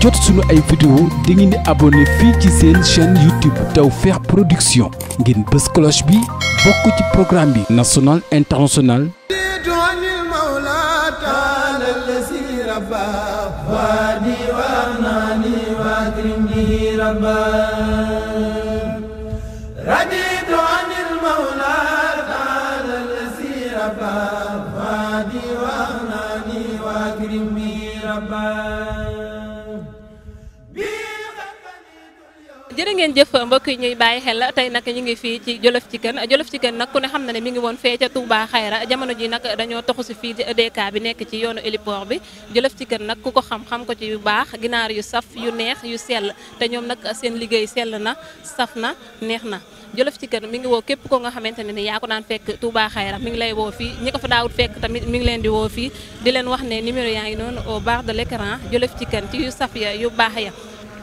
jot suñu ay vidéo da ngeen di fii ci seen chaîne YouTube Tawfekh Production ngeen bës cloche bi bokk ci programme bi national international ربا ngeen jëf mbokk yi ñuy bàyyi xel tey nag ñu ngi fii ci Jolof Chicken Jolof ci Chicken nag ku ne xam na ne mi ngi woon fee ca Touba Xayra jamono ji nag dañoo toxu si fii ci e bi nekk ci yoonu héliport bi Jolof kën nag ku ko xam-xam ko ci yu baax ginaar yu saf yu neex yu sell te ñoom nag seen liggéey sell na saf na neex na Jolof Chicken mi ngi woo képp ko nga xamante ne ni yaa ko daan fekk Touba Xayra mu ngi lay woo fii ñi ko fa daawut fekk tamit mi ngi leen di woo fii di wax ne numéro yaa ngi noonu au bar de l'écran Jolof Chicken ci yu saf ya yu baax ya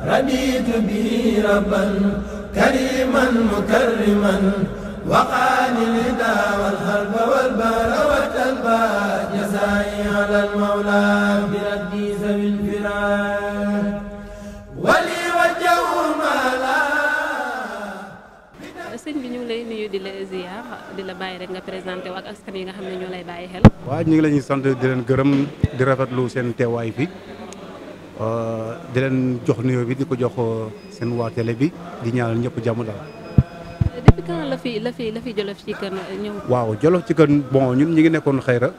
رضيت به ربا كريما مكرما وقاني الهدى والحرب والبار والتلبى جزائي على المولى بردي ذوي الفراق ولي وجه مالا sëñ bi ñu lay nuyu di la ziar di la bàyyi rek nga présenté ak askan yi nga xam ne ñoo lay bàyyi xel. waaw ñu ngi la ñuy sant di leen gërëm di rafetlu seen teewaay bi Euh, di leen jox nuyoo bi di ko jox euh, seen waa télé bi di ñaar ñëpp jàmm daal. depuis quand la fi la Jolof ci kan waaw Jolof ci kan bon ñun ñi ngi nekkoon xayra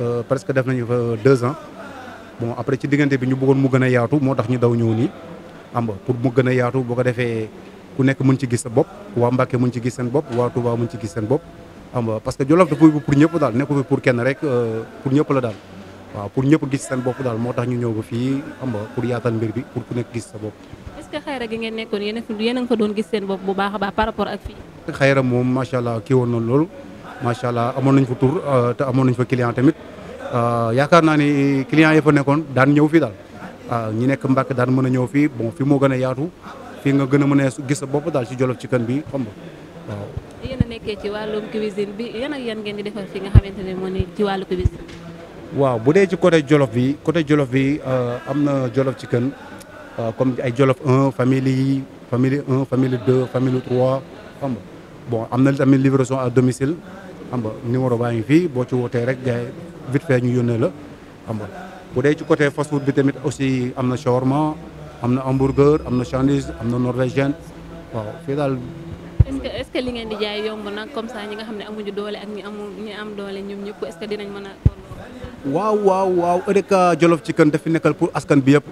euh, presque def nañu fa deux ans bon après ci diggante bi ñu bëggoon mu gën a yaatu moo tax ñu daw ñëw nii xam nga pour mu gën a yaatu boo ko defee ku nekk mën ci gis sa bopp waa Mbàkke mën ci gis seen bopp waa Touba mën ci gis seen bopp xam nga parce que Jolof dafa pour ñëpp daal nekkul pour kenn rek pour ñëpp la daal. waaw pour ñëpp gis seen bopp daal moo tax ñu ñëw ba fii xam nga pour yaatal mbir bi pour ku nekk gis sa bopp. est-ce xayra gi ngeen nekkoon yéen a fi yéen a nga fa doon gis seen bopp bu baax a baax par rapport ak fii. xayra moom macha allah kii woon na loolu macha allah amoon nañ fa tour euh, te amoon nañ fa client tamit euh, yaakaar naa ni client yi fa nekkoon daan ñëw fii daal waaw euh, ñi nekk Mbàkke daan mën a ñëw fii bon fi moo gën a yaatu fii nga gën a mën a gis sa bopp daal ci Jolof Chicken ci wàllum bi yan ak yan ngeen di waaw bu dee ci côté Jolof bi côté Jolof bi euh, am na Jolof ci kën euh, comme ay Jolof un famille famille 1 famille 2 famille 3 xam bon am na tamit livraison à domicile xam nga numéro baa ngi fii boo ci wootee rek gars vite fait ñu yónnee la xam nga bu dee ci côté fast bi tamit aussi am na shawarma am na hamburger am na sandwich am na norvégienne waaw fii daal. est li ngeen di jaay yomb nag comme ça ñi nga xam ne amuñu doole ak ñi amul ñi am doole ñoom ñëpp est-ce que waaw waaw waaw EDECA Jolof ci kan dafi nekkal pour askan bi yëpp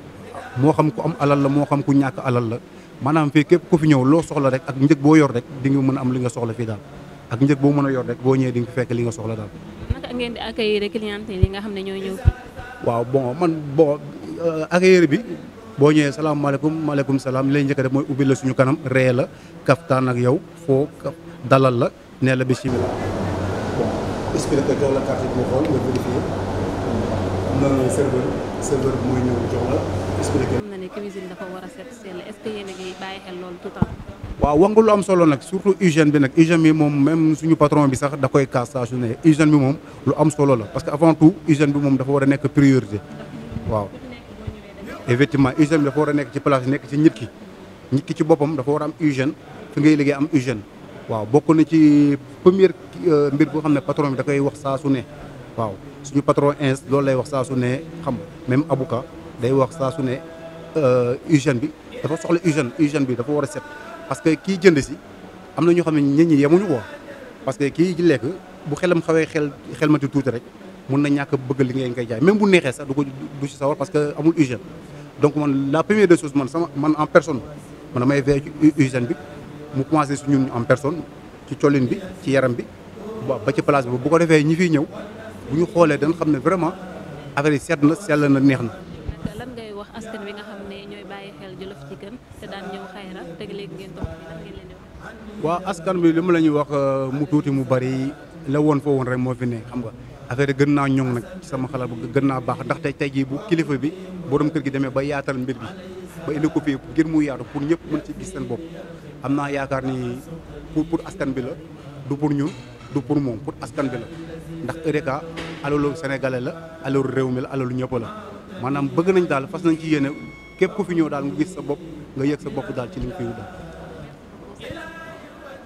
moo xam ku am alal la moo xam ku ñàkk alal la maanaam fii képp ku fi ñëw loo soxla rek ak njëg boo yor rek di nga mën a am li nga soxla fii daal ak njëg boo mën a yor rek boo ñëwee di nga fekk nga soxla daal. naka ngeen nga xam ne waaw bon man bon euh, accueillir bi boo ñëwee salaamaaleykum maaleykum salaam li lay njëkk rek mooy ubbi la suñu kanam ree la kaftaan ak yow foo dalal la nee la bi nga waaw wax nga lu am solo nag surtout hygiène bi nag hygiène bi moom même suñu patron bi sax da koy kaas saa su ne hygiène bi moom lu am solo la parce que avant tout hygiène bi moom dafa war a nekk priorité waaw. effectivement hygiène bi dafa war a nekk ci place nekk ci nit ki nit ki ci boppam dafa war am hygiène fi ngay liggéey am hygiène waaw bokk na ci première euh, mbir boo xam ne patron bi da koy wax saa su ne. waaw suñu patron ins loolu lay wax saa su ne xam même abuka day wax saa su ne euh, hygiène bi dafa soxla hygiène hygiène bi dafa war a set parce que kii jënd si am na ñoo xam ne nit ñi yemuñu ko parce que kii lekk bu xelam xawee xel xel ma ti tuuti rek mun na ñàkk bëgg li ngay ngay jaay même bu neexee sax du ko du si sawar parce que amul hygiène donc man la première des choses man sama man en personne man damay veillé ci bi mu commencé su ñun en personne ci collin bi ci yaram bi ba bu ñu xoolee dañ xam ne vraiment affaire yi seet na sell na neex na. lan askan wi te léegi ngeen dox waaw askan bi li ma la ñuy wax euh, mu tuuti mu bari la woon foo woon rek moo fi ne xam nga affaire gën naa ñoŋ nag sama xalaat bu gën naa baax ndax tey tey jii bu kilifa bi borom kër gi demee ba yaatal mbir bi ba indi ko fii ngir mu yaatu pour ñëpp mën ci gis seen bopp am naa yaakaar ni pour pour askan bi la du pour ñun. du pour moom pour askan bi la ndax Eureka alalu sénégalais la alalu réew mi la alalu ñëpp la maanaam bëgg nañ daal fas nañ ci yéene képp ku fi ñëw daal nga gis sa bopp nga yëg sa bopp daal ci li nga daal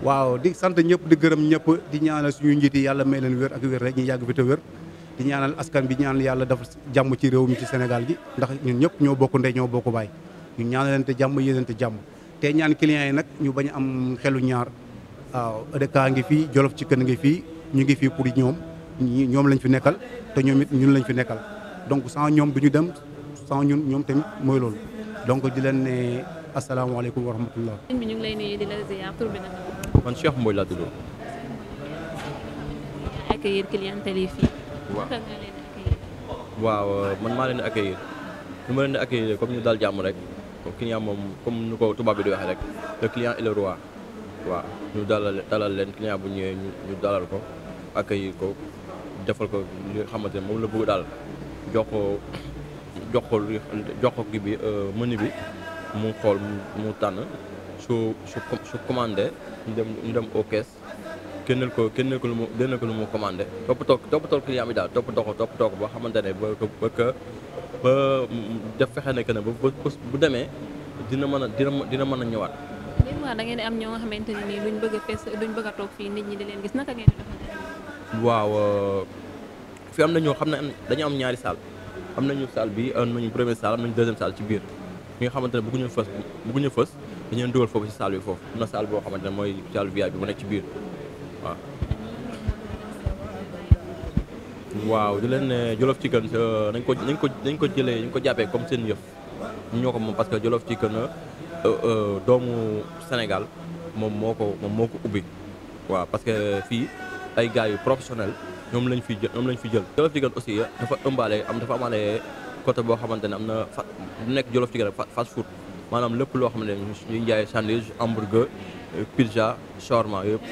waaw di sant ñëpp di gërëm ñëpp di ñaanal suñu njiit yi yàlla may leen wér ak wér rek ñu yàgg fi te wér di ñaanal askan bi ñaan yàlla dafa jàmm ci réew mi ci senegal gi ndax ñun ñëpp ñoo bokk ndey ñoo bokk baay ñu ñaanalante jàmm yéenante jàmm te ñaan clients yi nag ñu bañ am xelu ñaar waaw kaa ngi fii Jolof ci kën ngi fii ñu ngi fii pour yi ñoom ñoom lañ fi nekkal te ñoom it ñun lañ fi nekkal donc saa ñoom du ñu dem sans ñun ñoom tamit mooy loolu donc di leen ne asalaamaaleykum wa rahmatullah. sëñ bi ñu ngi laa tudd. accueillir clientèle man maa leen di nu ma leen di comme ñu daal jàmm rek client moom comme ñu ko tubaab bi di waxee rek le client est waaw ñu dalal dalal leen client bu ñëwee ñu dalal ko accueillir ko defal ko li nga xamante ne moom la bëgg daal jox ko jox ko jox ko kii bi euh, mu xool mu tànn su su su commandé ñu dem ñu dem au génneel ko génneel ko lu mu génneel ko lu mu commandé toppatoo toppatoo client bi daal toppatoo ko toppatoo ko ba xamante ne ba ba que ba def fexe ne que ne ba bu demee dina mën a dina dina mën a ñëwaat. waaw da ngeen am ñoo xamante ne nii duñ bëgg a bëgg a toog fii nit ñi di leen gis naka ngeen di waaw euh, fi am na ñoo xam ne dañu am ñaari salle am nañu salle bi am nañu première salle am nañu deuxième salle ci biir ñi nga xamante ne bëgguñu fës bëgguñu fës dañu leen dugal foofu ci salle bi foofu am na salle boo xamante ne mooy salle VIP bi bu nekk ci biir waaw. di leen ne Jolof Chicken euh, nañ ko nañ ko nañ ko jëlee nañ ko jàppee comme seen yëf ñoo ko moom parce que Jolof Chicken Euh, euh, doomu Sénégal moom moo ko moom moo ko ubbi waaw parce que fii ay gars yu professionnel ñoom lañ fi jël ñoom lañ fi jël. Jolof Diegane aussi dafa ëmbaale am dafa amaale côté boo xamante ne am na fa du nekk Jolof Diegane fast food maanaam lépp loo xam ne ñuy jaay sandwich hamburger pizza shawarma yëpp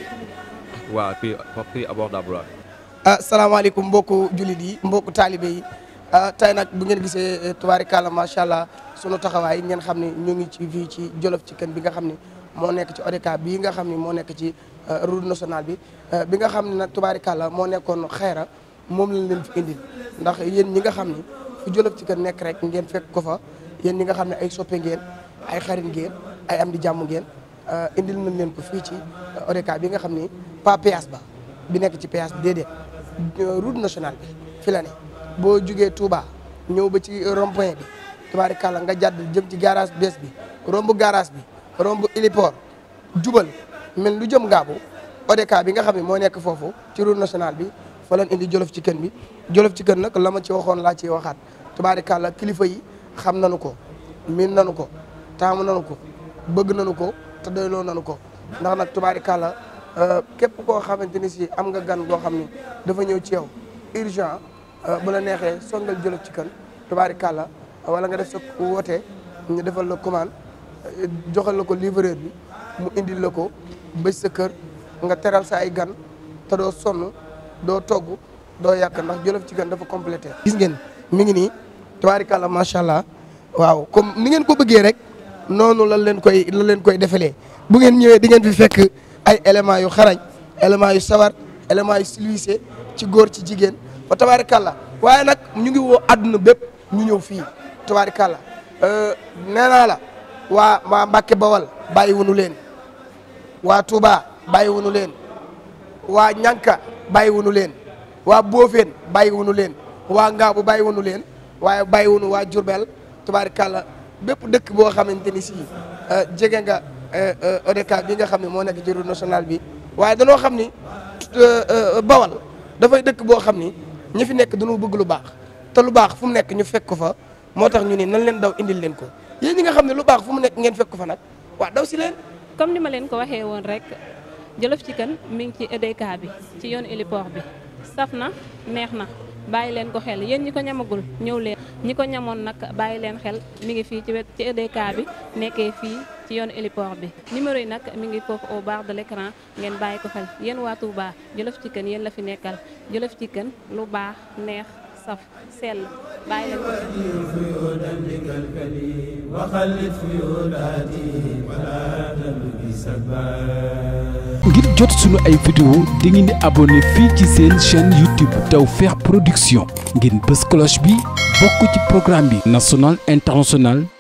waa prix prix abordable ah salaamaaleykum mbokku jullit yi mbokku taalibe yi. Ah, tey nag bu ngeen gisee eh, tubaarikàlla macha allah sunu taxawaay ngeen xam ne ñu ngi ci fii ci Jolof ci kën bi nga xam ne moo nekk ci ODCAV bii nga xam ne moo nekk ci eh, route nationale bi eh, bi nga xam ne nag tubaarikàlla moo nekkoon xayra moom lañ leen fi indil ndax yéen ñi nga xam ne fu Jolof ci kën nekk rek ngeen fekk ko fa yéen ñi nga xam ne ay soppe ay xarit ngeen ay am jàmm ngeen indil nañ leen ko fii ci ODCAV bi nga xam ni pas péage ba bi nekk ci péage bi déedéet route nationale bi fi la boo jugee Touba ñëw ba ci rond-point bi tubaarikàlla nga jàdd jëm ci garage bees bi romb gaaraas bi romb héliport jubal mel lu jëm ngaabu ODK bi nga xam ne moo nekk foofu ci route national bi fa indi jolof ci kën bi jolof ci kën nag la ma ci waxoon laa ciy waxaat tubaarikàlla kilifa yi xam nañu ko miin nañu ko taamu nañu ko bëgg nañu ko te doyloo nañu ko ndax nag tubaarikàlla euh, képp koo xamante ni si am nga gan goo xam ni dafa ñëw ci yow urgent Euh, bu la neexee songal jëlog ci kan tubaari kàlla wala nga def sa wootee ñu defal la commande euh, joxal la ko livreur bi mu indil la ko ba sa kër nga teral sa ay gan te doo sonn doo togg doo yàq ndax jolof ci gan dafa complété. gis ngeen mi ngi nii tubaari kàlla macha allah waaw comme ni ngeen ko bëggee rek noonu lan leen koy lan leen koy defalee bu ngeen ñëwee di ngeen fi fekk ay éléments yu xarañ éléments yu sawar éléments yu civilisé ci góor ci jigéen. fa tabaarikàlla waaye nag ñu ngi woo àdduna bépp ñu ñëw fii tabaarikàlla euh, nee naa la waa waa Mbàkke Bawal bàyyi wunu leen waa Touba bàyyi wunu leen waa Ñanka bàyyi wunu leen waa Boofeen bàyyi wunu leen waa Ngaabu bàyyi wunu leen waaye bàyyi wunu waa Jurbel tabaarikàlla bépp dëkk boo xamante ni si euh, jege nga euh, ODCAV bi nga xam ne moo nekk ci national bi waaye danoo xam ni Bawal dafay dëkk boo xam ni ñi fi nekk dañoo bëgg lu baax te lu baax fu mu nekk ñu fekk ko fa moo tax ñu ne nan leen daw indil leen ko yéen ñi nga xam ne lu baax fu mu nekk ngeen fekk fa nag waa daw si leen. comme ni ma leen ko waxee woon rek ci Chicken mu ngi ci EDK bi ci yoon héliport bi saf na neex na bàyyi leen ko xel yéen ñi ko ñamagul ñëw leen ñi ko ñamoon nag bàyyi leen xel mi ngi fii ci wet ci e bi nekkee fii. ci yoonu héliport bi numéro yi nag mi ngi foofu au bar de l'écran ngeen bàyyi ko xel yéen waa Touba Jolof Chicken yéen la fi nekkal Jolof Chicken lu baax neex saf sell bàyyi leen ko ngir jot sunu ay vidéo di ngeen di abonné fii ci seen chaîne YouTube Tawfekh Production ngeen bës cloche bi bokk ci programme bi national international